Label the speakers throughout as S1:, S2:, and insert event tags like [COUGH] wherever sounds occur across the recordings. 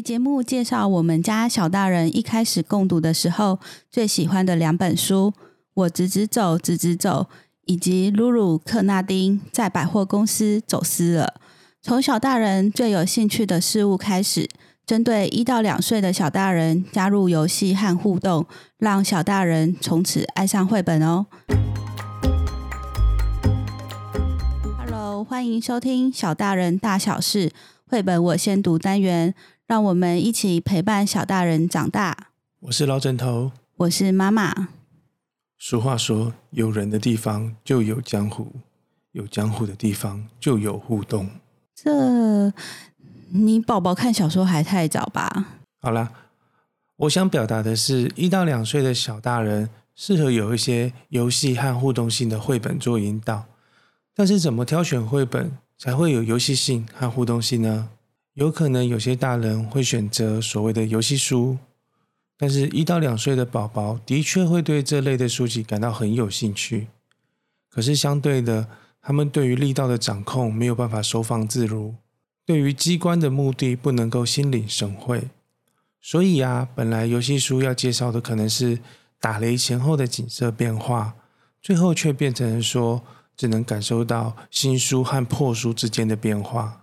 S1: 節目介紹：我們家小大人一開始共讀的時候，最喜歡的兩本書《我直直走，直直走》以及《露露克娜汀在百貨公司走失了》。從小大人最有興趣的事物開始，針對一到兩歲的小大人加入遊戲和互動，讓小大人從此愛上繪本哦。Hello，歡迎收聽小大人大小事繪本，我先讀單元。讓我們一起陪伴小大人長大。
S2: 我是老枕頭，
S1: 我是媽媽。
S2: 俗話說，有人的地方就有江湖，有江湖的地方就有互動。
S1: 這你寶寶看小說還太早吧？
S2: 好啦，我想表達的是一到兩歲的小大人適合有一些遊戲和互動性的繪本做引導。但是，怎麼挑選繪本才會有遊戲性和互動性呢？有可能有些大人會選擇所謂的遊戲書，但是一到兩歲的寶寶的確會對這類的書籍感到很有興趣。可是相對的，他們對於力道的掌控沒有辦法收放自如，對於機關的目的不能夠心領神會。所以啊，本來遊戲書要介紹的可能是打雷前後的景色變化，最後卻變成說只能感受到新書和破書之間的變化。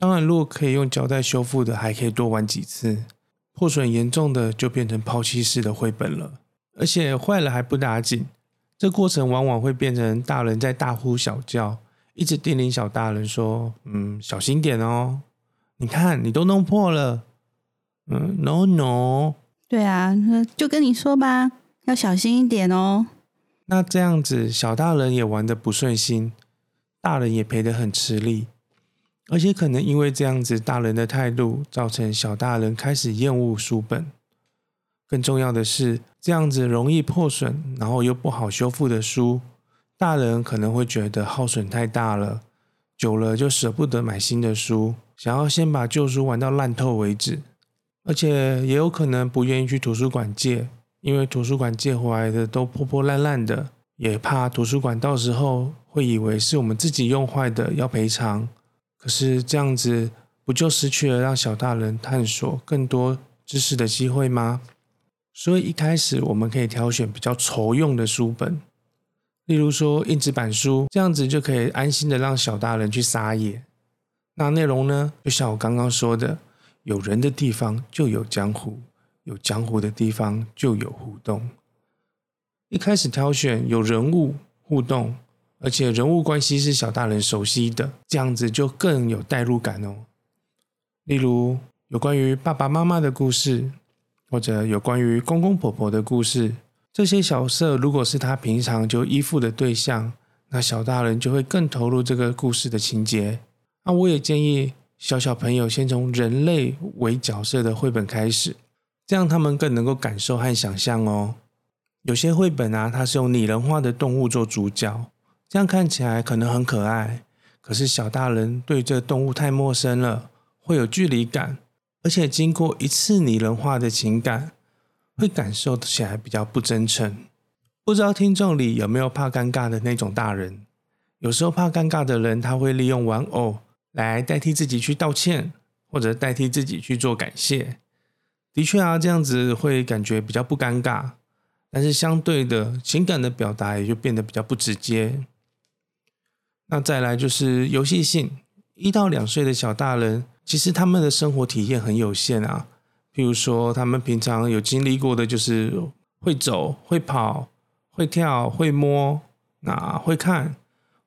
S2: 當然，如果可以用膠帶修復的，還可以多玩幾次。破損嚴重的就變成拋棄式的繪本了。而且壞了還不打緊，這過程往往會變成大人在大呼小叫，一直叮嚀小大人說：“嗯，小心點哦，你看你都弄破了。嗯”“嗯，no no。”“
S1: 對啊，就跟你說吧，要小心一點哦。”
S2: 那這樣子，小大人也玩得不順心，大人也陪得很吃力。而且可能因為這樣子大人的態度，造成小大人開始厭惡書本。更重要的是，這樣子容易破損，然後又不好修復的書，大人可能會覺得耗損太大了，久了就捨不得買新的書，想要先把舊書玩到爛透為止。而且也有可能不願意去圖書館借，因為圖書館借回來的都破破爛爛的，也怕圖書館到時候會以為是我們自己用壞的，要賠償。可是這樣子不就失去了讓小大人探索更多知識的機會嗎？所以一開始我們可以挑選比較耐用的書本，例如說硬紙板書，這樣子就可以安心的讓小大人去撒野。那內容呢，就像我剛剛說的，有人的地方就有江湖，有江湖的地方就有互動。一開始挑選有人物互動。而且人物關係是小大人熟悉的，這樣子就更有代入感哦。例如，有關於爸爸媽媽的故事，或者有關於公公婆婆的故事，這些角色如果是他平常就依附的對象，那小大人就會更投入這個故事的情節。那、啊、我也建議小小朋友先從人類為角色的繪本開始，這樣他們更能夠感受和想象哦。有些繪本啊，它是用擬人化的動物做主角。這樣看起來可能很可愛，可是小大人對這動物太陌生了，會有距離感，而且經過一次擬人化的情感，會感受起來比較不真誠。不知道聽眾裡有沒有怕尷尬的那種大人？有時候怕尷尬的人，他會利用玩偶來代替自己去道歉，或者代替自己去做感謝。的確啊，這樣子會感覺比較不尷尬，但是相對的情感的表達也就變得比較不直接。那再來就是遊戲性，一到兩歲的小大人，其實他們的生活體驗很有限啊。譬如說，他們平常有經歷過的就是會走、會跑、會跳、會摸，那、啊、會看、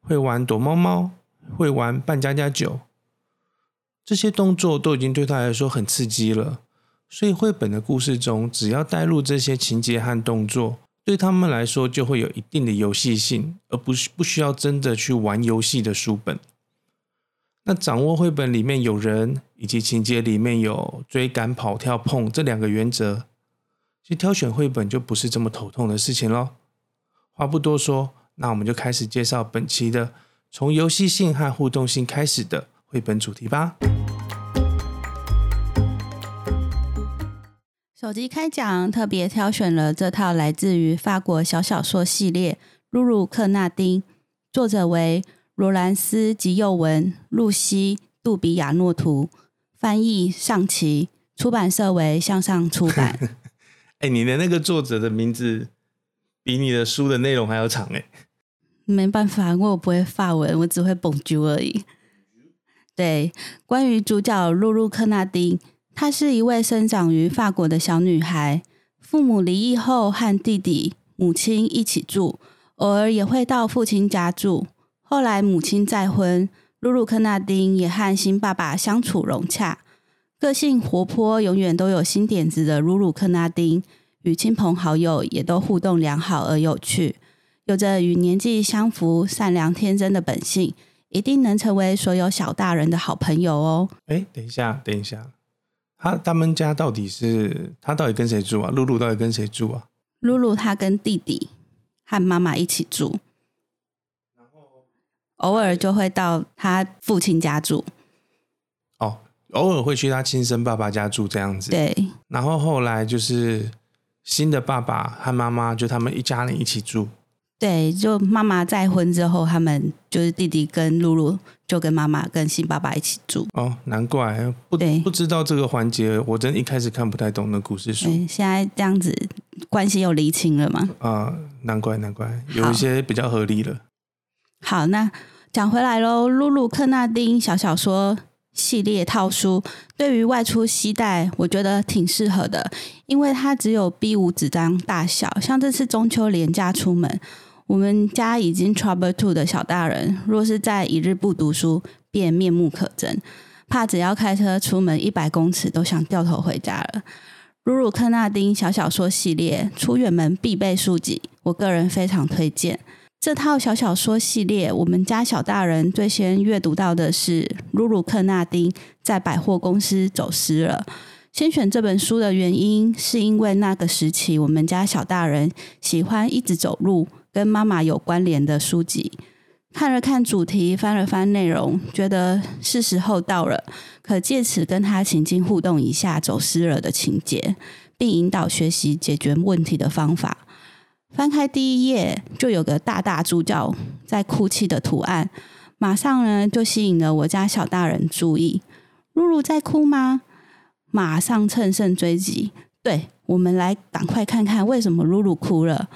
S2: 會玩躲貓貓、會玩扮家家酒，這些動作都已經對他來說很刺激了。所以，繪本的故事中，只要帶入這些情節和動作，對他們來說，就會有一定的遊戲性，而不是不需要真的去玩遊戲的書本。那掌握繪本裡面有人，以及情節裡面有追趕、跑、跳、碰這兩個原則，其實挑選繪本就不是這麼頭痛的事情嘍。話不多說，那我們就開始介紹本期的從遊戲性和互動性開始的繪本主題吧。
S1: 首集開講特別挑選了這套來自於法國小小說系列《露露克娜汀》，作者為羅蘭斯吉右文、露西杜比亞諾圖，翻譯上期，出版社為向上出版。
S2: 哎、 [LAUGHS] 欸，你的那個作者的名字比你的書的內容還要長哎。
S1: 沒辦法，我不會法文，我只會 bonjour 而已。對，關於主角露露克娜汀。她是一位生長於法國的小女孩，父母離異後，和弟弟、母親一起住，偶爾也會到父親家住。後來母親再婚，露露克娜汀也和新爸爸相處融洽。個性活潑，永遠都有新點子的露露克娜汀，與親朋好友也都互動良好而有趣，有着與年紀相符、善良天真的本性，一定能成為所有小大人的好朋友哦。
S2: 哎，等一下，等一下。他他們家到底是他到底跟誰住啊？露露到底跟誰住啊？
S1: 露露她跟弟弟和媽媽一起住，然後偶爾就會到他父親家住。
S2: 哦，偶爾會去他親生爸爸家住這樣子。對。然後後來就是新的爸爸和媽媽就他們一家人一起住。
S1: 對，就媽媽再婚之後，他們就是弟弟跟露露就跟媽媽跟新爸爸一起住。哦，
S2: 難怪不對不知道這個環節，我真一開始看不太懂那故事書。
S1: 現在這樣子關係又釐清了嘛？
S2: 啊、哦，難怪難怪，有一些比較合理了。
S1: 好，那講回來嘍，露露克娜汀小小說系列套書，對於外出攜帶我覺得挺適合的，因為它只有 B 五紙張大小，像這次中秋連假出門。我們家已經 trouble two 的小大人，若是在一日不讀書，便面目可憎。怕只要開車出門一百公尺，都想掉頭回家了。露露克娜汀小小說系列，出遠門必備書籍，我個人非常推薦這套小小說系列。我們家小大人最先閱讀到的是《露露克娜汀在百貨公司走失了》。先選這本書的原因，是因為那個時期我們家小大人喜歡一直走路。跟媽媽有關聯的書籍，看了看主題，翻了翻內容，覺得是時候到了，可借此跟他情境互動一下走失了的情節，並引導學習解決問題的方法。翻開第一頁，就有個大大主角在哭泣的圖案，馬上呢就吸引了我家小大人注意。露露在哭嗎？馬上乘勝追擊，對，我們來趕快看看為什麼露露哭了。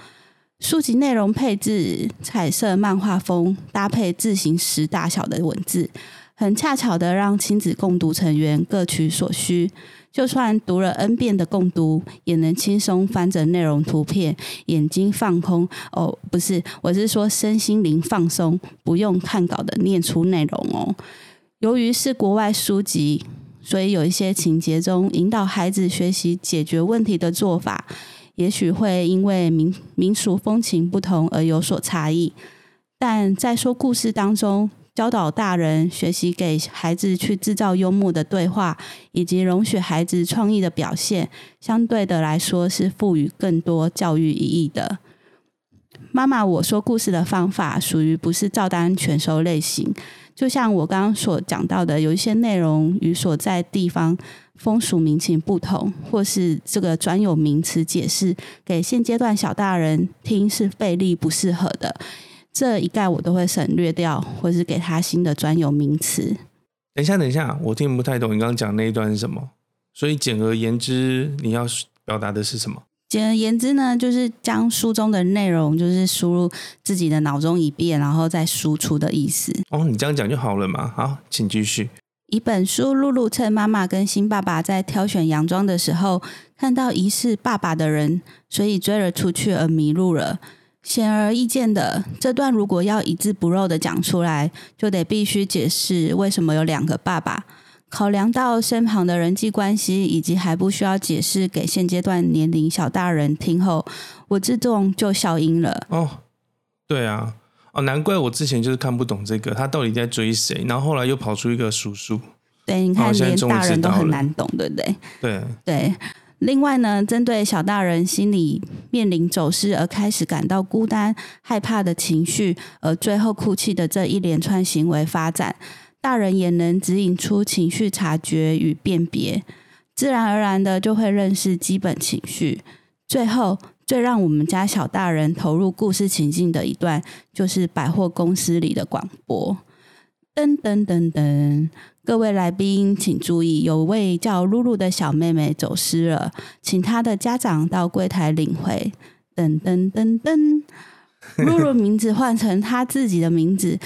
S1: 書籍內容配置彩色漫畫風，搭配字形「時大小的文字，很恰巧的讓親子共讀成員各取所需。就算讀了 n 遍的共讀，也能輕鬆翻着內容圖片，眼睛放空。哦，不是，我是說身心靈放鬆，不用看稿的念出內容哦。由於是國外書籍，所以有一些情節中引導孩子學習解決問題的做法。也許會因為民民俗風情不同而有所差異，但在說故事當中，教導大人學習給孩子去製造幽默的對話，以及容許孩子創意的表現，相對的來說是賦予更多教育意義的。媽媽，我說故事的方法屬於不是照單全收類型。就像我剛剛所講到的，有一些內容與所在地方風俗民情不同，或是這個專有名詞解釋給現階段小大人聽是費力不適合的，這一概我都會省略掉，或是給他新的專有名詞。
S2: 等一下，等一下，我聽不太懂你剛剛講那一段是什麼？所以簡而言之，你要表達的是什麼？
S1: 簡而言之呢，就是將書中的內容就是輸入自己的腦中一遍，然後再輸出的意思。
S2: 哦，你這樣講就好了嘛。好，請繼續。
S1: 一本書，露露趁媽媽跟新爸爸在挑選洋裝的時候，看到疑似爸爸的人，所以追了出去而迷路了。顯而易見的，這段如果要一字不漏的講出來，就得必須解釋為什麼有兩個爸爸。考量到身旁的人際關係，以及還不需要解釋給現階段年齡小大人聽後，我自動就消音了。哦，
S2: 對啊，哦，難怪我之前就是看不懂這個，他到底在追誰？然後後來又跑出一個叔叔。
S1: 對，你看連大人都很難懂，對不對？對對。另外呢，針對小大人心裡面臨走失而開始感到孤單、害怕的情緒，而最後哭泣的這一連串行為發展。大人也能指引出情緒察覺與辨別，自然而然的就會認識基本情緒。最後，最讓我們家小大人投入故事情境的一段，就是百貨公司裡的廣播：噔噔噔噔，各位來賓請注意，有位叫露露的小妹妹走失了，請她的家長到櫃檯領回。噔噔噔噔，露露 [LAUGHS] 名字換成她自己的名字。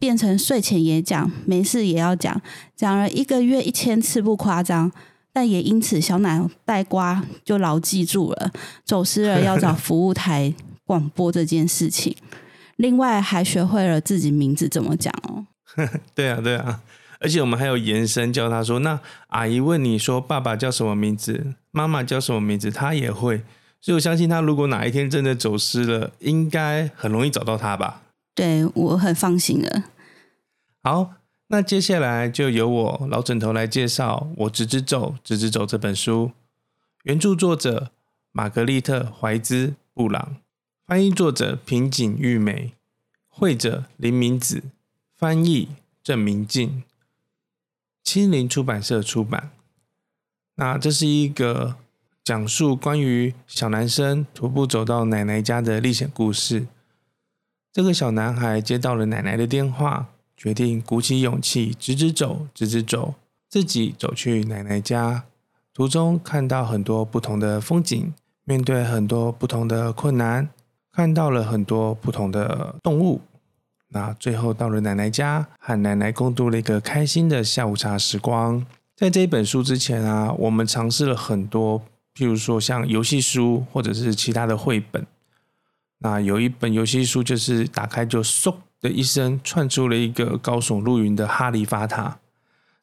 S1: 變成睡前也講，沒事也要講，講了一個月一千次不誇張，但也因此小腦袋瓜就牢記住了，走失了要找服務台廣播這件事情。 [LAUGHS] 另外還學會了自己名字怎麼講哦。
S2: [LAUGHS] 對啊，對啊，而且我們還有延伸，叫他說：“那阿姨問你說爸爸叫什麼名字，媽媽叫什麼名字，他也會。”所以我相信他，如果哪一天真的走失了，應該很容易找到他吧。
S1: 對，我很放心了。
S2: 好，那接下來就由我老枕頭來介紹《我直直走，直直走》這本書。原著作者瑪格麗特·懷茲·布朗，翻譯作者平井郁美，繪者林明子，翻譯鄭明靜，青林出版社出版。那這是一個講述關於小男生徒步走到奶奶家的歷險故事。這個小男孩接到了奶奶的電話，決定鼓起勇氣，直直走，直直走，自己走去奶奶家。途中看到很多不同的風景，面對很多不同的困難，看到了很多不同的動物。那最後到了奶奶家，和奶奶共度了一個開心的下午茶時光。在這本書之前啊，我們嘗試了很多，譬如說像遊戲書或者是其他的繪本。那有一本遊戲書，就是打開就嗖、so、的一聲，竄出了一個高聳入雲的哈利法塔。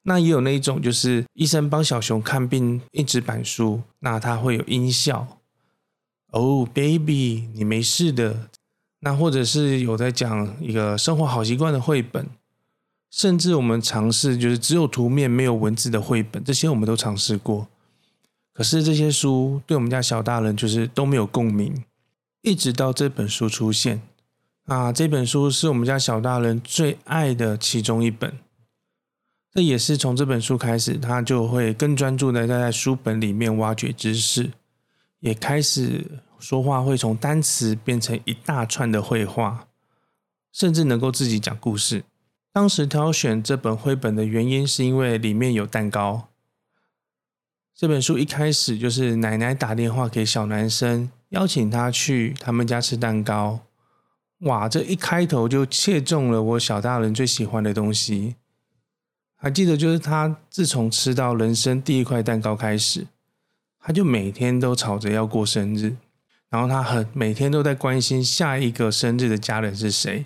S2: 那也有那一種，就是醫生幫小熊看病，硬紙板書，那它會有音效。哦、oh，baby，你沒事的。那或者是有在講一個生活好習慣的繪本，甚至我們嘗試就是只有圖面沒有文字的繪本，這些我們都嘗試過。可是這些書對我們家小大人就是都沒有共鳴。一直到這本書出現啊，這本書是我們家小大人最愛的其中一本。這也是從這本書開始，他就會更專注的在書本裡面挖掘知識，也開始說話會從單詞變成一大串的繪畫，甚至能夠自己講故事。當時挑選這本繪本的原因是因為裡面有蛋糕。這本書一開始就是奶奶打電話給小男生，邀請他去他們家吃蛋糕，哇！這一開頭就切中了我小大人最喜歡的東西。還記得，就是他自從吃到人生第一塊蛋糕開始，他就每天都吵着要過生日，然後他很每天都在關心下一個生日的家人是誰，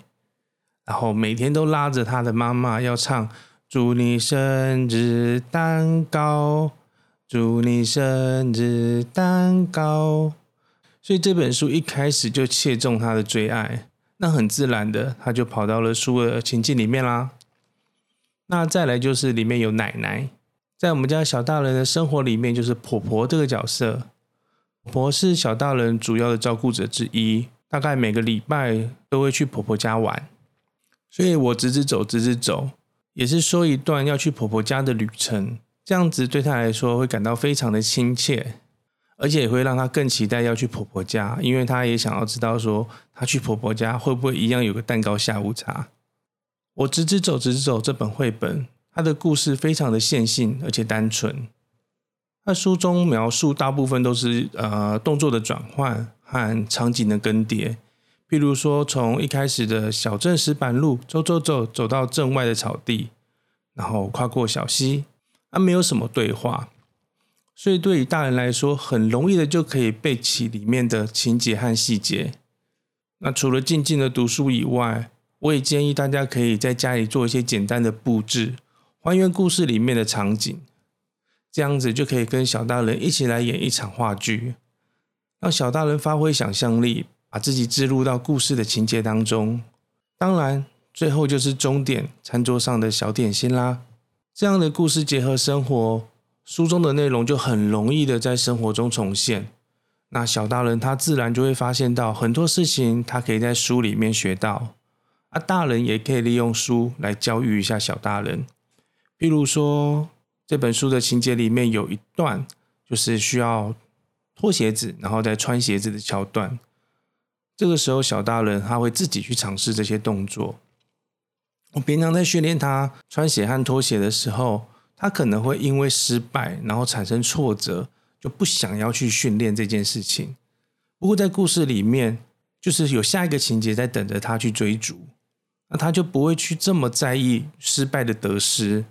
S2: 然後每天都拉着他的媽媽要唱“祝你生日蛋糕，祝你生日蛋糕”。所以這本書一開始就切中他的最愛，那很自然的他就跑到了書的情境裡面啦。那再來就是裡面有奶奶，在我們家小大人的生活裡面就是婆婆這個角色，婆婆是小大人主要的照顧者之一，大概每個禮拜都會去婆婆家玩。所以，我直直走，直直走，也是說一段要去婆婆家的旅程，這樣子對他來說會感到非常的親切。而且也會讓他更期待要去婆婆家，因為他也想要知道說，他去婆婆家會不會一樣有個蛋糕下午茶。我直直走，直直走，這本繪本，它的故事非常的線性，而且單純。那書中描述大部分都是呃動作的轉換和場景的更迭，譬如說從一開始的小鎮石板路走走走走到鎮外的草地，然後跨過小溪，啊，沒有什麼對話。所以對於大人來說，很容易的就可以背起裡面的情節和細節。那除了靜靜的讀書以外，我也建議大家可以在家裡做一些簡單的布置，還原故事裡面的場景，這樣子就可以跟小大人一起來演一場話劇，讓小大人發揮想象力，把自己置入到故事的情節當中。當然，最後就是終點，餐桌上的小點心啦。這樣的故事結合生活。書中的內容就很容易的在生活中重現，那小大人他自然就會發現到很多事情，他可以在書裡面學到，啊，大人也可以利用書來教育一下小大人。譬如說這本書的情節裡面有一段，就是需要脫鞋子，然後再穿鞋子的橋段，這個時候小大人他會自己去嘗試這些動作。我平常在訓練他穿鞋和脫鞋的時候。他可能會因為失敗，然後產生挫折，就不想要去訓練這件事情。不過在故事裡面，就是有下一個情節在等着他去追逐，那他就不會去這麼在意失敗的得失，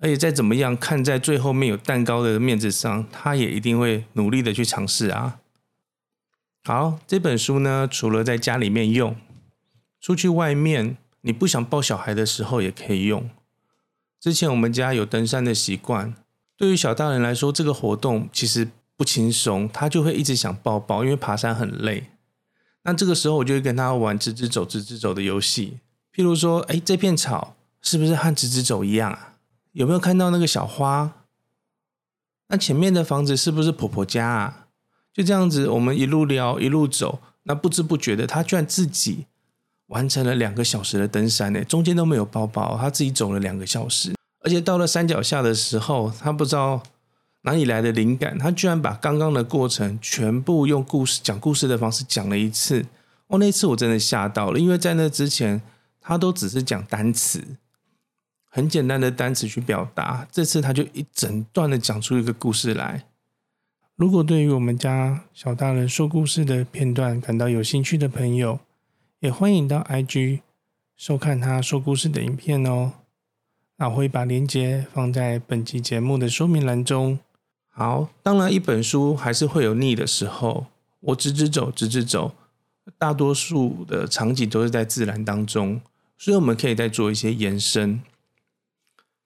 S2: 而且再怎麼樣，看在最後面有蛋糕的面子上，他也一定會努力的去嘗試啊。好，這本書呢，除了在家裡面用，出去外面，你不想抱小孩的時候也可以用。之前我們家有登山的習慣，對於小大人來說，這個活動其實不輕鬆，他就會一直想抱抱，因為爬山很累。那這個時候，我就會跟他玩“直直走，直直走”的遊戲，譬如說，哎，這片草是不是和直直走一樣啊？有沒有看到那個小花？那前面的房子是不是婆婆家啊？就這樣子，我們一路聊，一路走，那不知不覺的，他居然自己。完成了兩個小時的登山呢，中間都沒有包包，他自己走了兩個小時。而且到了山腳下的時候，他不知道哪裡來的靈感，他居然把剛剛的過程全部用故事講故事的方式講了一次。哦，那次我真的嚇到了，因為在那之前他都只是講單詞，很簡單的單詞去表達。這次他就一整段的講出一個故事來。如果對於我們家小大人說故事的片段感到有興趣的朋友，也歡迎到 IG 收看他說故事的影片哦。那我會把鏈接放在本期節目的說明欄中。好，當然一本書還是會有膩的時候。我直直走，直直走，大多數的場景都是在自然當中，所以我們可以再做一些延伸。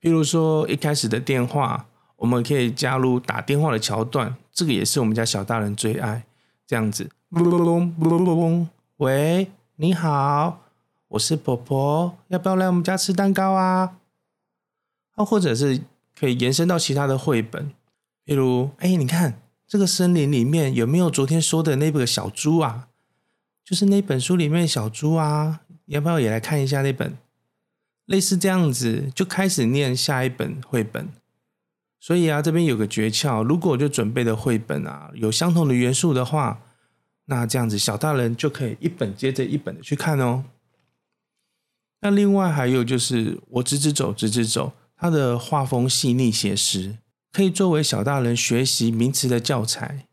S2: 譬如說一開始的電話，我們可以加入打電話的橋段，這個也是我們家小大人最愛。這樣子，喂。你好，我是婆婆，要不要來我們家吃蛋糕啊？啊，或者是可以延伸到其他的繪本，比如，哎，你看這個森林裡面有沒有昨天說的那部小豬啊？就是那本書裡面的小豬啊，要不要也來看一下那本？類似這樣子，就開始念下一本繪本。所以啊，這邊有個訣竅，如果我就準備的繪本啊，有相同的元素的話。那這樣子，小大人就可以一本接着一本的去看哦。那另外還有就是，我直直走直直走，它的畫風細膩寫實，可以作為小大人學習名詞的教材。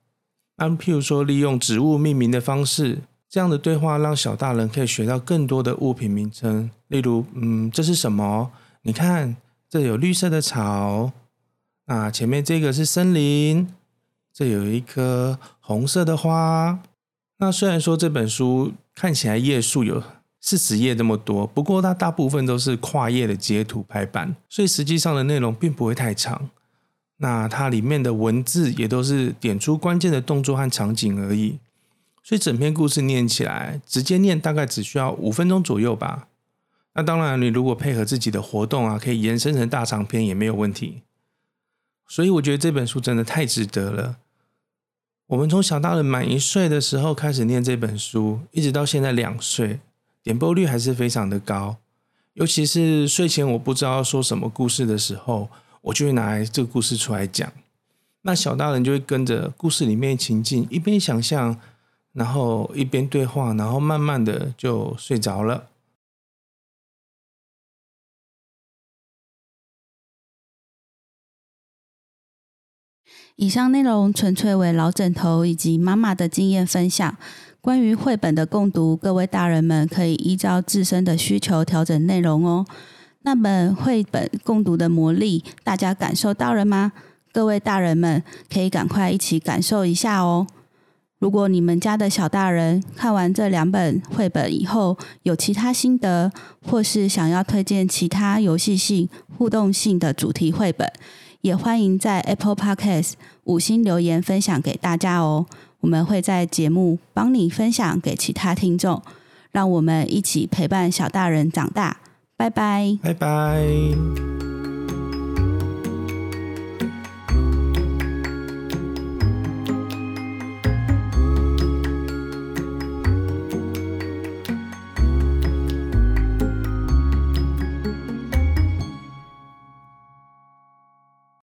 S2: 安、啊、譬如說利用植物命名的方式，這樣的對話讓小大人可以學到更多的物品名稱，例如，嗯，這是什麼？你看，這有綠色的草，那前面這個是森林，這有一顆紅色的花。那雖然說這本書看起來頁數有四十頁這麼多，不過它大部分都是跨頁的截圖排版，所以實際上的內容並不會太長。那它裡面的文字也都是點出關鍵的動作和場景而已，所以整篇故事念起來，直接念大概只需要五分鐘左右吧。那當然，你如果配合自己的活動啊，可以延伸成大長篇也沒有問題。所以我覺得這本書真的太值得了。我們從小大人滿一歲的時候開始念這本書，一直到現在兩歲，點播率還是非常的高。尤其是睡前我不知道要說什麼故事的時候，我就會拿這個故事出來講。那小大人就會跟着故事裡面情境，一邊想象然後一邊對話，
S1: 然後慢慢的就睡着了。以上內容純粹為老枕頭以及媽媽的經驗分享。關於繪本的共讀，各位大人們可以依照自身的需求調整內容哦。那本繪本共讀的魔力，大家感受到了嗎？各位大人們可以趕快一起感受一下哦。如果你們家的小大人看完這兩本繪本以後，有其他心得，或是想要推薦其他遊戲性、互動性的主題繪本。也歡迎在 Apple Podcast 五星留言分享給大家哦，我們會在節目幫你分享給其他聽眾。讓我們一起陪伴小大人長大，拜拜，拜拜。